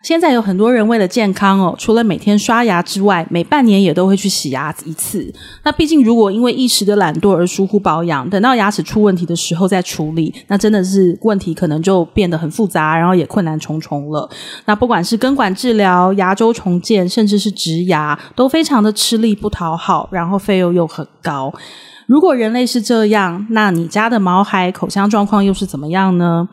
現在有很多人為了健康哦，除了每天刷牙之外，每半年也都會去洗牙一次。那畢竟，如果因為一時的懶惰而疏忽保養，等到牙齒出問題的時候再處理，那真的是問題可能就變得很複雜，然後也困難重重了。那不管是根管治療、牙周重建，甚至是植牙，都非常的吃力不討好，然後費用又很高。如果人類是這樣，那你家的毛孩口腔狀況又是怎麼樣呢？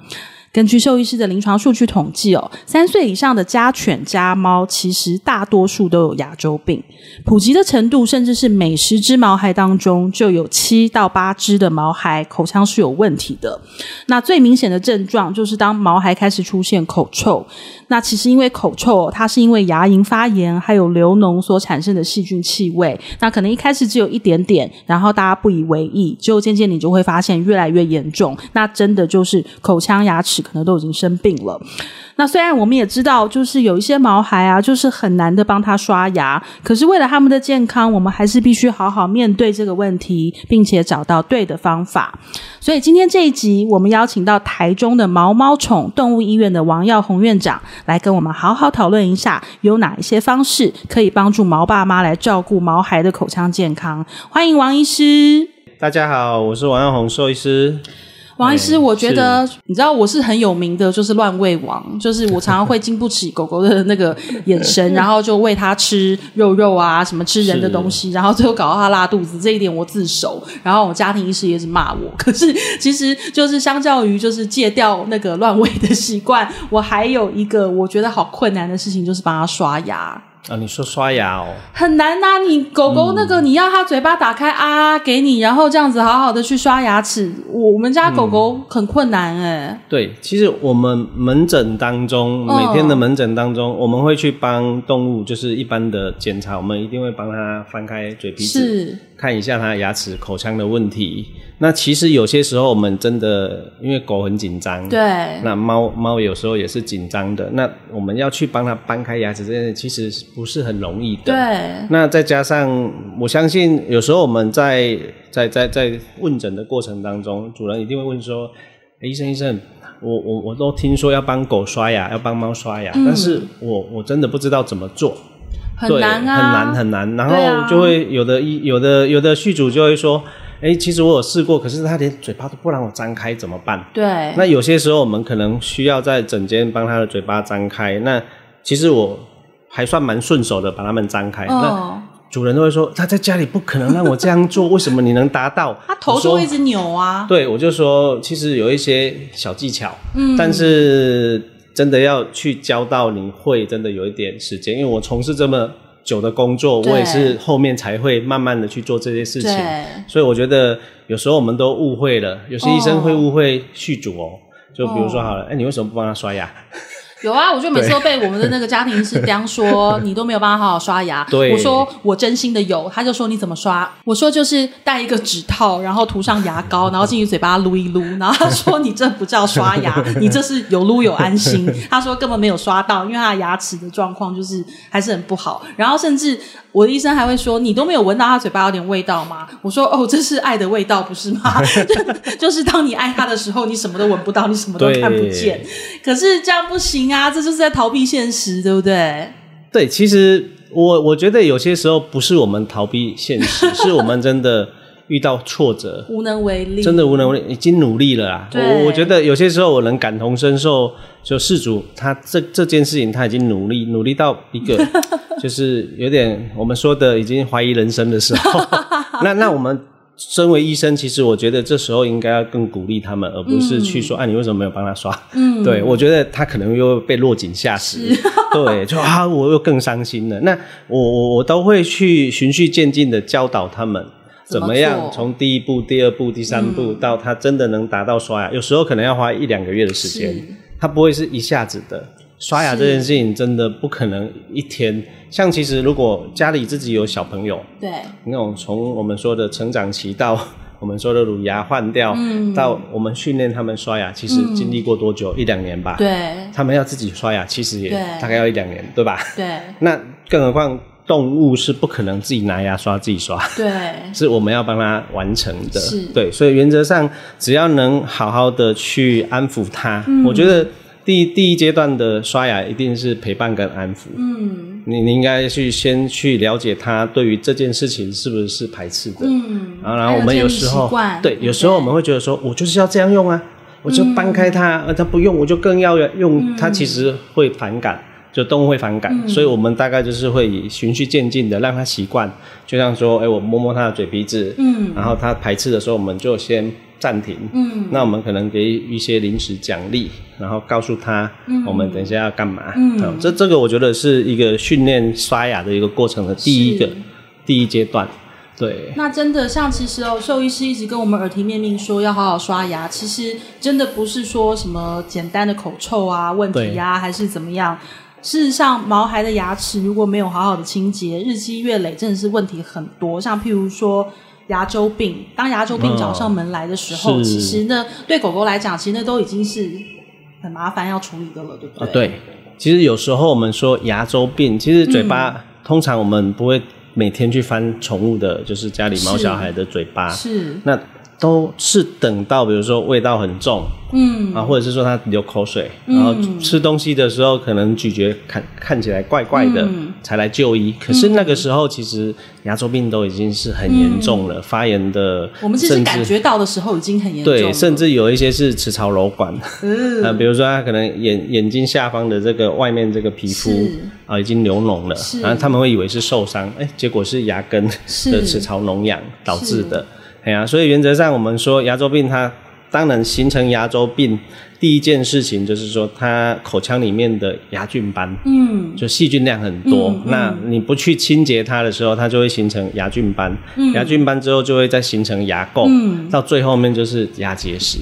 根據獸醫師的臨床數據統計哦，三歲以上的家犬、家貓其實大多數都有牙周病，普及的程度甚至是每十隻毛孩當中，就有七到八隻的毛孩口腔是有問題的。那最明顯的症狀就是當毛孩開始出現口臭，那其實因為口臭，它是因為牙齦發炎還有流膿所產生的細菌氣味。那可能一開始只有一點點，然後大家不以為意，就漸漸你就會發現越來越嚴重。那真的就是口腔牙齒。可能都已經生病了。那雖然我們也知道，就是有一些毛孩啊，就是很難的幫他刷牙。可是為了他們的健康，我們還是必須好好面對這個問題，並且找到對的方法。所以今天這一集，我們邀請到台中的毛貓寵動物醫院的王耀鴻院長，來跟我們好好討論一下，有哪一些方式可以幫助毛爸媽來照顧毛孩的口腔健康。歡迎王醫師，大家好，我是王耀鴻獸醫師。王醫師，嗯、我覺得你知道我是很有名的，就是亂餵王，就是我常常會禁不起狗狗的那個眼神， 然後就餵它吃肉肉啊，什麼吃人的東西，然後最後搞到它拉肚子。這一點我自首，然後我家庭醫師也是罵我。可是其實就是相較於就是戒掉那個亂餵的習慣，我還有一個我覺得好困難的事情，就是幫它刷牙。啊，你說刷牙哦，很難吶！你狗狗那個，你要它嘴巴打開、嗯、啊，給你，然後這樣子好好的去刷牙齒。我們家狗狗很困難哎、欸嗯。對，其實我們門診當中、哦，每天的門診當中，我們會去幫動物，就是一般的檢查，我們一定會幫它翻開嘴皮子，是、看一下它牙齒、口腔的問題。那其實有些時候我們真的，因為狗很緊張，對，那貓貓有時候也是緊張的。那我們要去幫它掰開牙齒這些，其實不是很容易的。對。那再加上，我相信有時候我們在在在在，在問診的過程當中，主人一定會問說：“哎，醫生醫生，我我我都聽說要幫狗刷牙，要幫貓刷牙，嗯、但是我我真的不知道怎麼做。”很難啊，很難很難。然後就會有的醫、啊、有的有的，有的飼主就會說。哎、欸，其實我有試過，可是他連嘴巴都不讓我張開，怎麼辦？對。那有些時候我們可能需要在整間幫他的嘴巴張開。那其實我還算蠻順手的，把他們張開，哦。那主人都會說，他在家裡不可能讓我這樣做， 為什麼你能達到？ 他頭都會一直扭啊。對，我就說，其實有一些小技巧。嗯。但是真的要去教到你會，真的有一點時間，因為我從事這麼久的工作，我也是後面才會慢慢的去做這些事情，所以我覺得有時候我們都誤會了，有些醫生會誤會飼主哦，哦就比如說好了，哎、哦欸，你為什麼不幫他刷牙？有啊，我就每次都被我們的那個家庭是這樣說，你都沒有辦法好好刷牙。對。我說我真心的有，他就說，你怎麼刷？我說就是戴一個指套，然後塗上牙膏，然後進去嘴巴擼一擼。然後他說，你這不叫刷牙，你這是有擼有安心。他說根本沒有刷到，因為他的牙齒的狀況就是還是很不好。然後甚至我的醫生還會說，你都沒有聞到他嘴巴有點味道嗎？我說哦，這是愛的味道，不是嗎？ 就是當你愛他的時候，你什麼都聞不到，你什麼都看不見。可是這樣不行啊。啊，這就是在逃避現實，對不對？對，其實我我覺得有些時候不是我們逃避現實， 是我們真的遇到挫折，無能為力，真的無能為力，已經努力了啦。我我覺得有些時候我能感同身受，就事主他這這件事情他已經努力努力到一個，就是有點我們說的已經懷疑人生的時候。 那那我們。身為醫生，其實我覺得這時候應該要更鼓勵他們，而不是去說：“嗯、啊，你為什麼沒有幫他刷？”嗯，對，我覺得他可能又被落井下石、啊，對，就啊，啊我又更傷心了。那我我我都會去循序漸進的教導他們，怎麼樣從第一步、第二步、第三步到他真的能達到刷牙，有時候可能要花一兩個月的時間，他不會是一下子的。刷牙這件事情真的不可能一天。像其實如果家裡自己有小朋友，對，那種從我們說的成長期到我們說的乳牙換掉、嗯，到我們訓練他們刷牙，其實經歷過多久？嗯、一兩年吧。對，他們要自己刷牙，其實也大概要一兩年對，對吧？對。那更何況動物是不可能自己拿牙刷自己刷，對，是我們要幫他完成的。是，對。所以原則上，只要能好好的去安撫它、嗯，我覺得。第第一階段的刷牙一定是陪伴跟安撫。嗯，你你應該去先去了解他對於這件事情是不是排斥的。嗯，然後，然後我們有時候，對，有時候我們會覺得說，我就是要這樣用啊，我就扳開它，它、嗯、不用我就更要用它。嗯、他其實會反感，就動物會反感，嗯、所以我們大概就是會循序漸進的讓他習慣，就像說，哎、欸，我摸摸他的嘴鼻子，嗯，然後他排斥的時候，我們就先。暫停，嗯，那我們可能給一些臨時獎勵，然後告訴他，我們等一下要幹嘛，嗯，嗯嗯這這個我覺得是一個訓練刷牙的一個過程的第一個第一階段，對。那真的像其實哦，獸醫師一直跟我們耳提面命說要好好刷牙，其實真的不是說什麼簡單的口臭啊問題啊還是怎麼樣。事實上，毛孩的牙齒如果沒有好好的清潔，日積月累真的是問題很多，像譬如說。牙周病，當牙周病找上門來的時候、嗯，其實呢，對狗狗來講，其實那都已經是很麻煩要處理的了，對不對、啊？對，其實有時候我們說牙周病，其實嘴巴、嗯、通常我們不會每天去翻寵物的，就是家裡毛小孩的嘴巴，是，是那。都是等到比如說味道很重，嗯，啊，或者是說他流口水，嗯、然後吃東西的時候可能咀嚼看看起來怪怪的，才來就醫、嗯。可是那個時候其實牙周病都已經是很嚴重了、嗯，發炎的。我們其實感覺到的時候已經很嚴重了，對，甚至有一些是齒槽瘻管，嗯，啊，比如說他可能眼眼睛下方的這個外面這個皮膚啊已經流膿了，然後他們會以為是受傷，哎、欸，結果是牙根的齒槽膿瘍導致的。哎呀、啊，所以原則上我們說，牙周病它當然形成牙周病，第一件事情就是說，它口腔裡面的牙菌斑，嗯，就細菌量很多、嗯嗯。那你不去清潔它的時候，它就會形成牙菌斑，嗯、牙菌斑之後就會再形成牙垢，嗯、到最後面就是牙結石。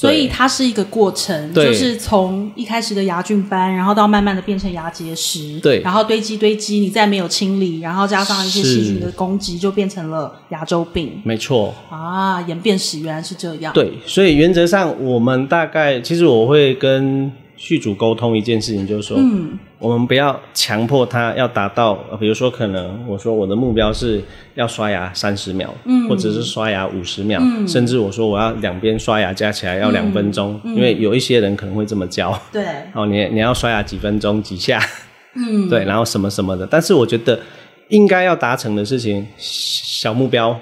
所以它是一個過程，就是從一開始的牙菌斑，然後到慢慢的變成牙結石，對，然後堆積堆積，你再沒有清理，然後加上一些細菌的攻擊，就變成了牙周病。沒錯，啊，演變史原來是這樣。對，所以原則上我們大概，其實我會跟畜主溝通一件事情，就是說，嗯。我們不要強迫他要達到，比如說，可能我說我的目標是要刷牙三十秒、嗯，或者是刷牙五十秒、嗯，甚至我說我要兩邊刷牙加起來要兩分鐘、嗯，因為有一些人可能會這麼教，對、嗯哦，你你要刷牙幾分鐘幾下，嗯、 對，然後什麼什麼的，但是我覺得，應該要達成的事情，小目標、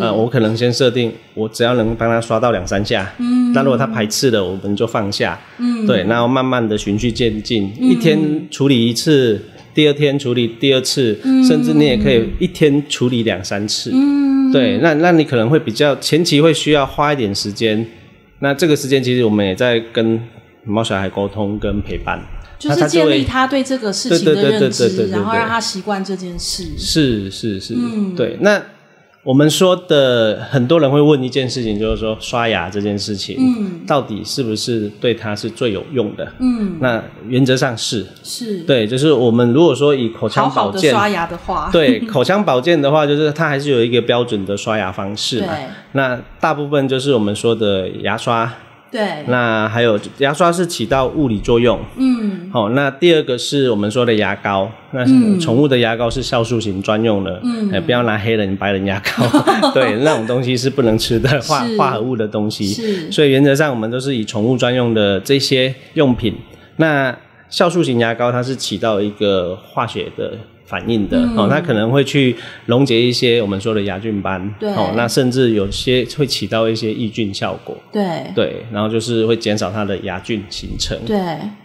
呃、我可能先設定，我只要能幫他刷到兩三下、嗯，那如果他排斥了，我們就放下，嗯、對，然後慢慢的循序漸進、嗯，一天處理一次，第二天處理第二次，嗯、甚至你也可以一天處理兩三次、嗯，對，那那你可能會比較前期會需要花一點時間，那這個時間其實我們也在跟毛小孩溝通跟陪伴。就是建立他對這個事情的認知，對對對對對對對，然後讓他習慣這件事。是是是、嗯，對。那我們說的很多人會問一件事情，就是說刷牙這件事情，嗯，到底是不是對他是最有用的？嗯，那原則上是是，對，就是我們如果說以口腔保健好好刷牙的話， 對，口腔保健的話，就是它還是有一個標準的刷牙方式嘛。嘛。那大部分就是我們說的牙刷。對，那還有牙刷是起到物理作用，嗯，好、哦，那第二個是我們說的牙膏，那是寵物的牙膏是酵素型專用的，嗯、欸，不要拿黑人、白人牙膏，嗯、對， 那種東西是不能吃的化化合物的東西，是，所以原則上我們都是以寵物專用的這些用品，那酵素型牙膏它是起到一個化學的。反應的哦、嗯，它可能會去溶解一些我們說的牙菌斑，對，哦，那甚至有些會起到一些抑菌效果，對對，然後就是會減少它的牙菌形成，對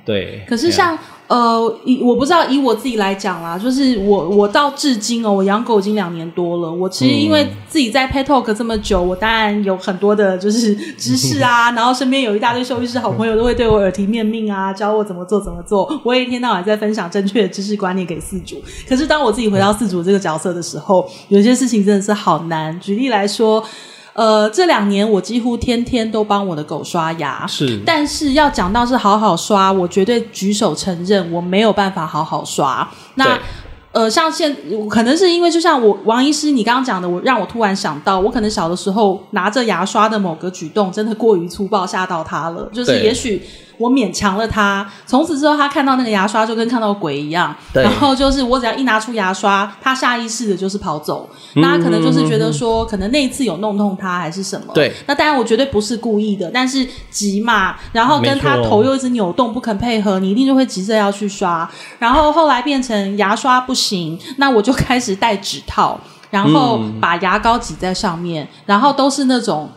對。可是像。呃，以我不知道以我自己來講啦，就是我我到至今哦，我養狗已經兩年多了。我其實因為自己在 PetTalk 這麼久，我當然有很多的就是知識啊，嗯、然後身邊有一大堆獸醫師好朋友都會對我耳提面命啊，嗯、教我怎麼做怎麼做。我也一天到晚在分享正確的知識觀念給飼主，可是當我自己回到飼主這個角色的時候，有些事情真的是好難。舉例來說。呃，這兩年我幾乎天天都幫我的狗刷牙，是，但是要講到是好好刷，我絕對舉手承認我沒有辦法好好刷。那呃，像現可能是因為，就像我王醫師你剛剛講的，我讓我突然想到，我可能小的時候拿着牙刷的某個舉動真的過於粗暴，嚇到它了，就是也許。我勉強了他，從此之後他看到那個牙刷就跟看到鬼一樣。對。然後就是我只要一拿出牙刷，他下意識的就是跑走。嗯，那他可能就是覺得說，嗯，可能那一次有弄痛他還是什麼。對。那當然我絕對不是故意的，但是急嘛，然後跟他頭又一直扭動，不肯配合，你一定就會急着要去刷。然後後來變成牙刷不行，那我就開始戴指套，然後把牙膏擠在上面，然後都是那種。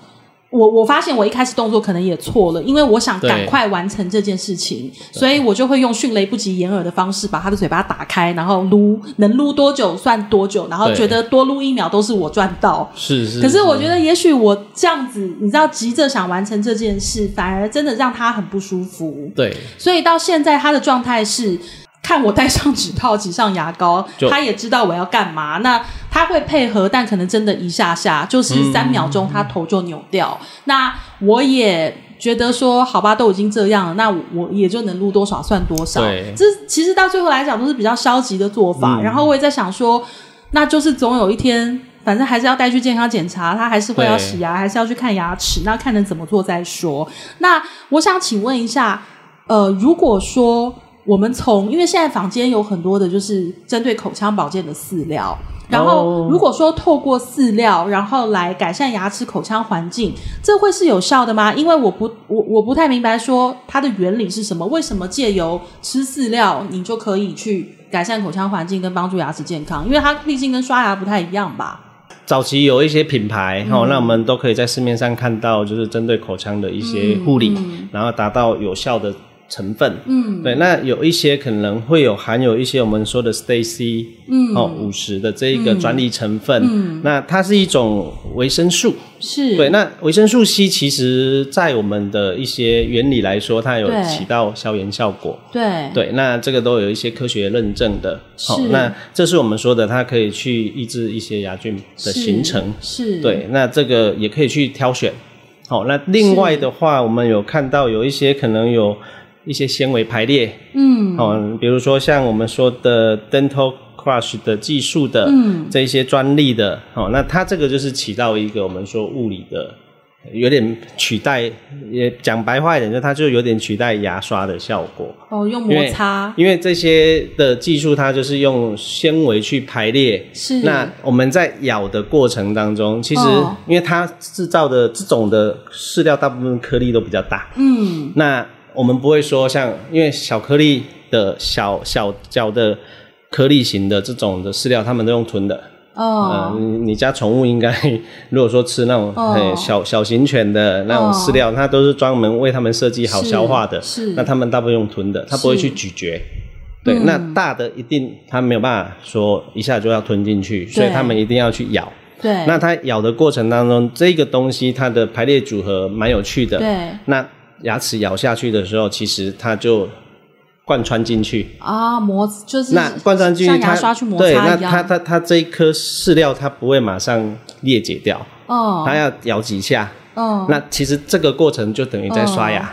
我我發現我一開始動作可能也錯了，因為我想趕快完成這件事情，所以我就會用迅雷不及掩耳的方式把他的嘴巴打開，然後擼，能擼多久算多久，然後覺得多擼一秒都是我賺到。是是。可是我覺得也許我這樣子，你知道，急着想完成這件事，反而真的讓他很不舒服。對。所以到現在他的狀態是。看我戴上指套，擠上牙膏，他也知道我要幹嘛。那他會配合，但可能真的一下下就是三秒鐘，他頭就扭掉。嗯嗯。那我也覺得說，好吧，都已經這樣了，那我，我也就能錄多少算多少。這其實到最後來講都是比較消極的做法。嗯。然後我也在想說，那就是總有一天，反正還是要帶去健康檢查，他還是會要洗牙，還是要去看牙齒。那看能怎麼做再說。那我想請問一下，呃，如果說。我們從，因為現在坊間有很多的，就是針對口腔保健的飼料。然後，如果說透過飼料，然後來改善牙齒口腔環境，這會是有效的嗎？因為我不，我我不太明白，說它的原理是什麼？為什麼借由吃飼料，你就可以去改善口腔環境跟幫助牙齒健康？因為它畢竟跟刷牙不太一樣吧？早期有一些品牌，哈、嗯哦，那我們都可以在市面上看到，就是針對口腔的一些護理，嗯、然後達到有效的成分，嗯，對，那有一些可能會有含有一些我們說的 Stay C，嗯，哦，五十的這一個專利成分，嗯，嗯。那它是一種維生素，是對，那維生素 C 其實在我們的一些原理來說，它有起到消炎效果對，對，對，那這個都有一些科學認證的，好、哦，那這是我們說的，它可以去抑制一些牙菌的形成，是，對，那這個也可以去挑選，好、哦，那另外的話，我們有看到有一些可能有。一些纖維排列，嗯，哦，比如說像我們說的 Denta Crunch 的技術的，嗯，這一些專利的，哦，那它這個就是起到一個我們說物理的，有點取代，也講白話一點，就它就有點取代牙刷的效果。哦，用摩擦，因為，因為這些的技術它就是用纖維去排列，是，那我們在咬的過程當中，其實因為它制造的這種的飼料大部分顆粒都比較大，嗯，那。我們不會說像，因為小顆粒的小小腳的顆粒型的這種的飼料，他們都用吞的。嗯、oh. 呃，你家寵物應該如果說吃那種、oh. 小小型犬的那種飼料，oh. 它都是專門為它們設計好消化的。是。那它們大部分用吞的，它不會去咀嚼。對、嗯。那大的一定它沒有辦法說一下就要吞進去，所以它們一定要去咬。對。那它咬的過程當中，這個東西它的排列組合蠻有趣的。對。那。牙齒咬下去的時候，其實它就貫穿進去啊，磨就是那貫穿進去，像牙刷去摩擦一樣，它，對，那它它它這一顆飼料它不會馬上裂解掉哦、嗯，它要咬幾下嗯，那其實這個過程就等於在刷牙，嗯、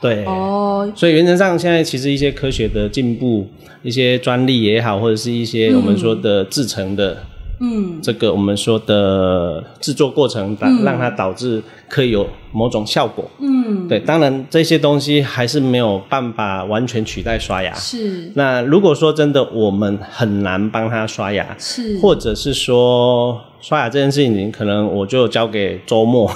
對哦。所以原則上，現在其實一些科學的進步，一些專利也好，或者是一些我們說的制成的。嗯嗯，這個我們說的制作過程，讓它導致可以有某種效果嗯。嗯，對，當然這些東西還是沒有辦法完全取代刷牙。是。那如果說真的，我們很難幫他刷牙。是。或者是說，刷牙這件事情，可能我就交給周末，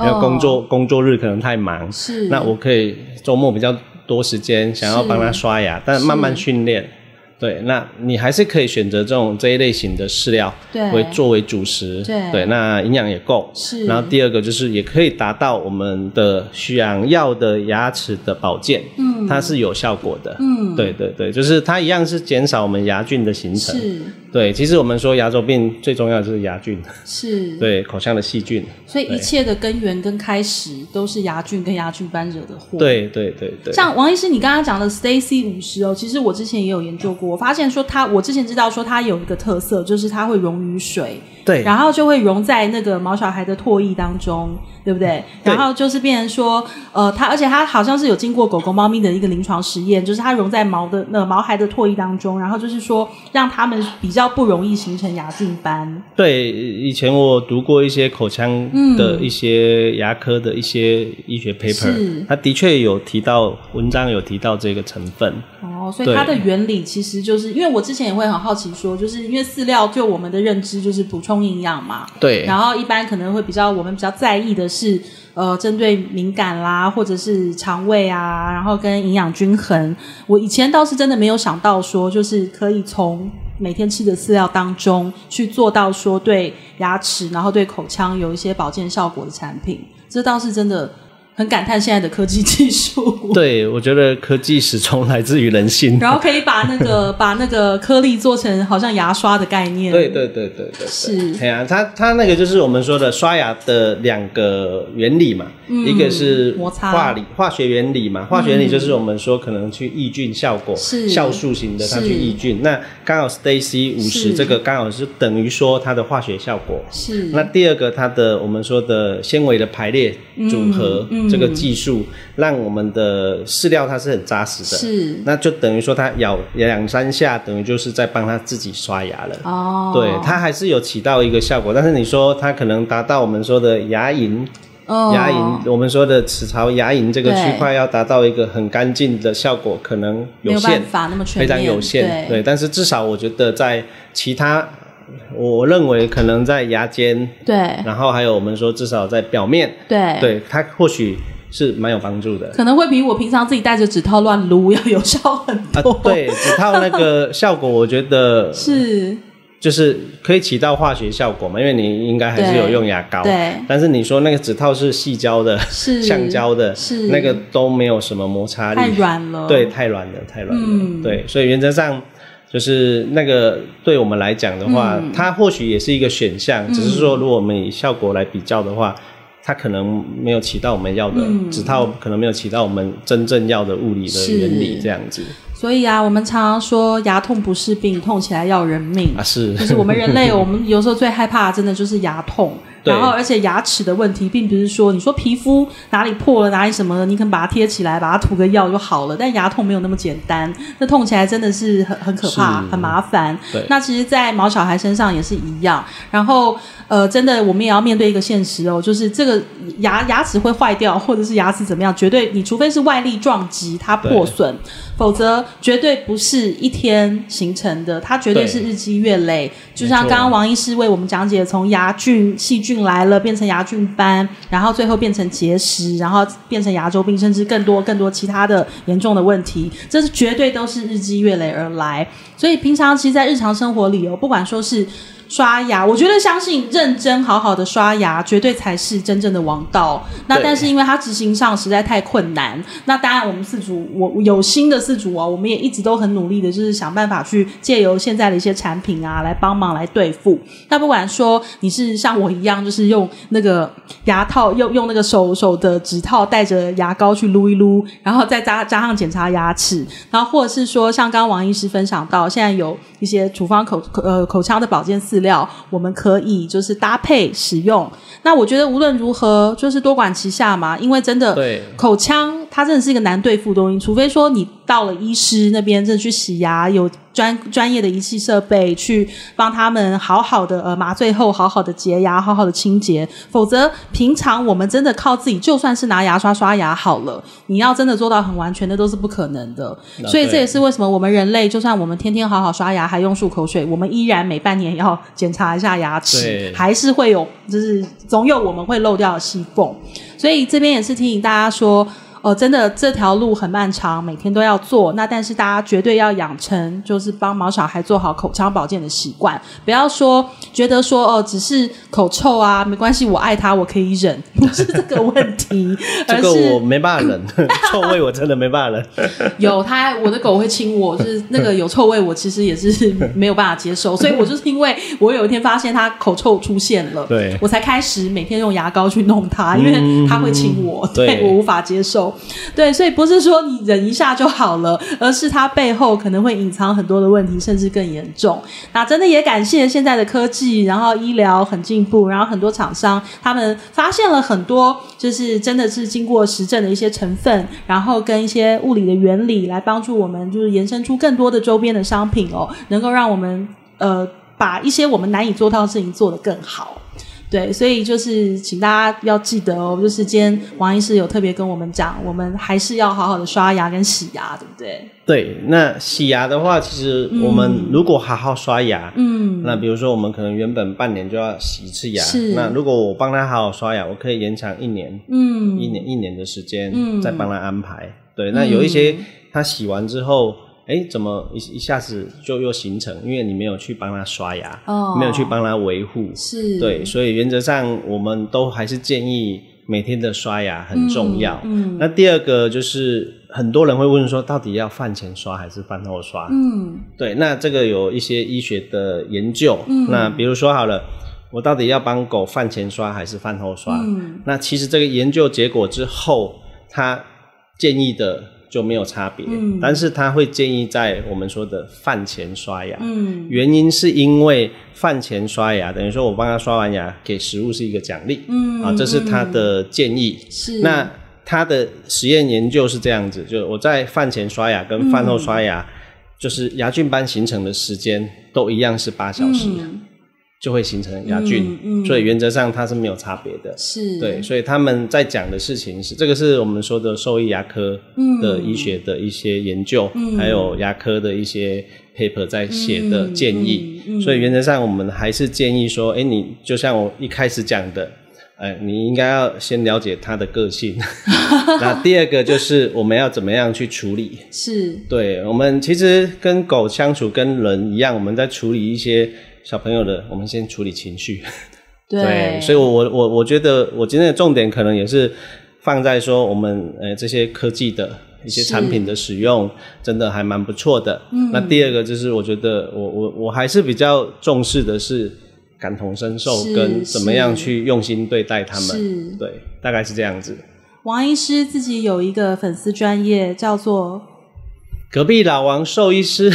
因、哦、為 工作工作日可能太忙。是。那我可以周末比較多時間，想要幫他刷牙，但慢慢訓練。對，那你還是可以選擇這種這一類型的飼料，對，為作為主食，對，對，那營養也夠。是，然後第二個就是也可以達到我們的需要的牙齒的保健，嗯，它是有效果的，嗯，對對對，就是它一樣是減少我們牙菌的形成。是。對，其實我們說牙周病最重要的就是牙菌，是，對，口腔的細菌。所以一切的根源跟開始都是牙菌跟牙菌斑惹的禍。對對對對，對。像王醫師，你剛剛講的 Stacy 五十哦，其實我之前也有研究過，我發現說它，我之前知道說它有一個特色，就是它會溶於水，對，然後就會溶在那個毛小孩的唾液當中，對不對？對然後就是變成說，呃，它而且它好像是有經過狗狗、貓咪的一個臨床實驗，就是它溶在毛的那、呃、毛孩的唾液當中，然後就是說讓他們比較。不容易形成牙菌斑。對，以前我讀過一些口腔的一些牙科的一些醫學 paper，嗯，它的確有提到，文章有提到這個成分。所以它的原理其實就是，因為我之前也會很好奇說，就是因為飼料對我們的認知就是補充營養嘛，對。然後一般可能會比較我們比較在意的是，呃，針對敏感啦，或者是腸胃啊，然後跟營養均衡。我以前倒是真的沒有想到說，就是可以從每天吃的飼料當中去做到說對牙齒，然後對口腔有一些保健效果的產品，這倒是真的。很感嘆現在的科技技術，對，我覺得科技始終來自於人性啊。然後可以把那個 把那個顆粒做成好像牙刷的概念。對對對對對，對，是，對啊，它它那個就是我們說的刷牙的兩個原理嘛，嗯、一個是化理，摩擦，化學原理嘛，化學原理就是我們說可能去抑菌效果，是。酵素型的它去抑菌。那剛好 STAY-C 50這個剛好是等於說它的化學效果是。那第二個它的我們說的纖維的排列組合。嗯嗯這個技術讓我們的飼料它是很扎實的，是，那就等於說它咬兩三下，等於就是在幫它自己刷牙了。哦，對，它還是有起到一個效果，但是你說它可能達到我們說的牙齦、哦、牙齦，我們說的齒槽牙齦這個區塊要達到一個很乾淨的效果，可能有限，有非常有限，對。對，但是至少我覺得在其他。我認為可能在牙尖，對，然後還有我們說至少在表面，對，對它或許是蠻有幫助的，可能會比我平常自己戴着指套亂擼要有效很多。呃、對，指套那個效果我覺得 是，就是可以起到化學效果嘛，因為你應該還是有用牙膏，對對，但是你說那個指套是細膠的，是橡膠 的，是那個都沒有什麼摩擦力，太軟了，對，太軟了，太軟了，嗯、對，所以原則上。就是那個對我們來講的話，嗯、它或許也是一個選項，嗯，只是說如果我們以效果來比較的話，它可能沒有起到我們要的，嗯、指套可能沒有起到我們真正要的物理的原理這樣子。所以啊，我們常常說牙痛不是病，痛起來要人命啊。是，就是我們人類，我們有時候最害怕的真的就是牙痛。 然後，而且牙齒的問題，並不是說你說皮膚哪裡破了，哪裡什麼了，你肯把它貼起來，把它塗個藥就好了。但牙痛沒有那麼簡單，那痛起來真的是很很可怕，很麻煩。那其實，在毛小孩身上也是一樣。然後，呃，真的，我們也要面對一個現實哦，就是這個牙牙齒會壞掉，或者是牙齒怎麼樣，絕對你除非是外力撞擊它破損。否則，絕對不是一天形成的，它絕對是日積月累。就像剛剛王醫師為我們講解，從牙菌細菌來了變成牙菌斑，然後最後變成結石，然後變成牙周病，甚至更多更多其他的嚴重的問題，這是絕對都是日積月累而來。所以，平常其實，在日常生活裡哦，不管說是。刷牙，我覺得相信認真好好的刷牙，絕對才是真正的王道。那但是因為它執行上實在太困難，那當然我們飼料我有新的飼料啊，我們也一直都很努力的，就是想辦法去借由現在的一些產品啊，來幫忙來對付。那不管說你是像我一樣，就是用那個牙套，用用那個手手的指套帶着牙膏去擼一擼，然後再加加上檢查牙齒，然後或者是說像剛剛王醫師分享到，現在有一些處方口口呃口腔的保健飼料我們可以就是搭配使用，那我覺得無論如何就是多管齊下嘛，因為真的對口腔。它真的是一個難對付的東西，除非說你到了醫師那邊，真的去洗牙，有專專業的儀器設備去幫他們好好的呃麻醉後，好好的潔牙，好好的清潔。否則平常我們真的靠自己，就算是拿牙刷刷牙好了，你要真的做到很完全的都是不可能的、啊。所以這也是為什麼我們人類、嗯，就算我們天天好好刷牙，還用漱口水，我們依然每半年要檢查一下牙齒，還是會有就是總有我們會漏掉的細縫。所以這邊也是提醒大家說。哦、呃，真的，這條路很漫長，每天都要做。那但是大家絕對要養成，就是幫毛小孩做好口腔保健的習慣。不要說覺得說哦、呃，只是口臭啊，沒關係，我愛他，我可以忍，不、就是這個問題。 而是這個我沒辦法忍， 臭味我真的沒辦法忍。 有他，我的狗會親我，就是那個有臭味，我其實也是沒有辦法接受。所以我就是因為我有一天發現它口臭出現了，對，我才開始每天用牙膏去弄它，因為它會親我，嗯、對，對我無法接受。對，所以不是說你忍一下就好了，而是它背後可能會隱藏很多的問題，甚至更嚴重。那真的也感謝現在的科技，然後醫療很進步，然後很多廠商他們發現了很多，就是真的是經過實證的一些成分，然後跟一些物理的原理來幫助我們，就是延伸出更多的周邊的商品哦，能夠讓我們呃把一些我們難以做到的事情做得更好。對，所以就是請大家要記得哦，就是今天王醫師有特別跟我們講，我們還是要好好的刷牙跟洗牙，對不對？對，那洗牙的話，其實我們如果好好刷牙，嗯，那比如說我們可能原本半年就要洗一次牙，是，那如果我幫他好好刷牙，我可以延長一年，嗯，一年一年的時間，嗯，再幫他安排，嗯。對，那有一些他洗完之後。哎，怎麼一一下子就又形成？因為你沒有去幫他刷牙，oh, 沒有去幫他維護，是，對，所以原則上我們都還是建議每天的刷牙很重要。嗯，嗯，那第二個就是很多人會問說，到底要飯前刷還是飯後刷？嗯，對，那這個有一些醫學的研究。嗯，那比如說好了，我到底要幫狗飯前刷還是飯後刷？嗯，那其實這個研究結果之後，他建議的。就沒有差別，嗯，但是他會建議在我們說的飯前刷牙，嗯。原因是因為飯前刷牙，等於說我幫他刷完牙，給食物是一個獎勵。嗯，啊，這是他的建議。嗯，是，那他的實驗研究是這樣子，就是我在飯前刷牙跟飯後刷牙，嗯，就是牙菌斑形成的時間都一樣是八小時。嗯就會形成牙菌，嗯嗯，所以原則上它是沒有差別的。是，對，所以他們在講的事情是這個，是我們說的獸醫牙科的醫學的一些研究、嗯，還有牙科的一些 paper 在寫的建議。嗯嗯嗯嗯。所以原則上我們還是建議說，哎，你就像我一開始講的，哎，你應該要先了解它的個性。 那第二個就是我們要怎麼樣去處理。是，對，我們其實跟狗相處跟人一樣，我們在處理一些。小朋友的、嗯，我們先處理情緒。對，所以我、我我我覺得，我今天的重點可能也是放在說，我們呃這些科技的一些產品的使用，真的還蠻不錯的，嗯。那第二個就是，我覺得我我我還是比較重視的是感同身受跟怎麼樣去用心對待他們。對，大概是這樣子。王醫師自己有一個粉絲專業叫做。隔壁老王獸醫師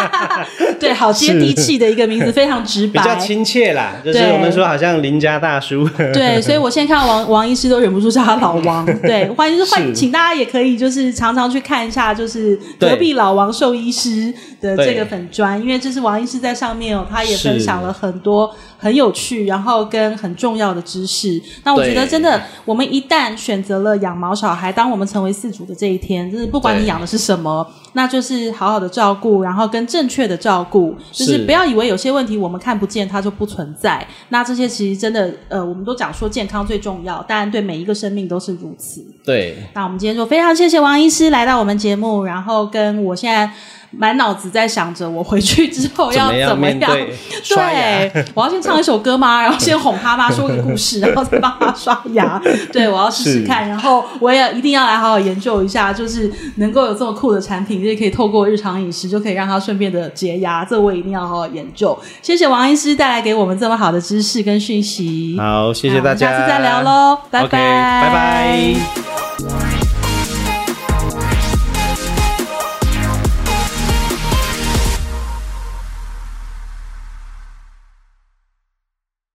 ，對，好接地氣的一個名字，非常直白，比較親切啦。就是我們說，好像鄰家大叔。對， 對，所以我現在看到王王醫師都忍不住叫他老王。對，歡迎是歡迎，請大家也可以就是常常去看一下，就是隔壁老王獸醫師的這個粉專，因為這是王醫師在上面哦，他也分享了很多。很有趣，然後跟很重要的知識。那我覺得真的，我們一旦選擇了養毛小孩，當我們成為飼主的這一天，就是不管你養的是什麼，那就是好好的照顧，然後跟正確的照顧，就是不要以為有些問題我們看不見，它就不存在。那這些其實真的，呃，我們都講說健康最重要，當然對每一個生命都是如此。對。那我們今天就非常謝謝王醫師來到我們節目，然後跟我現在。滿腦子在想着我回去之後要怎麼樣？對，我要先唱一首歌嗎？然後先哄他媽說個故事，然後再幫他刷牙。對，我要試試看，然後我也一定要來好好研究一下，就是能夠有這麼酷的產品，這可以透過日常飲食就可以讓他順便的潔牙，這我也一定要好好研究。謝謝王醫師帶來給我們這麼好的知識跟訊息。好，謝謝大家，下次再聊嘍，拜拜，okay, 拜拜。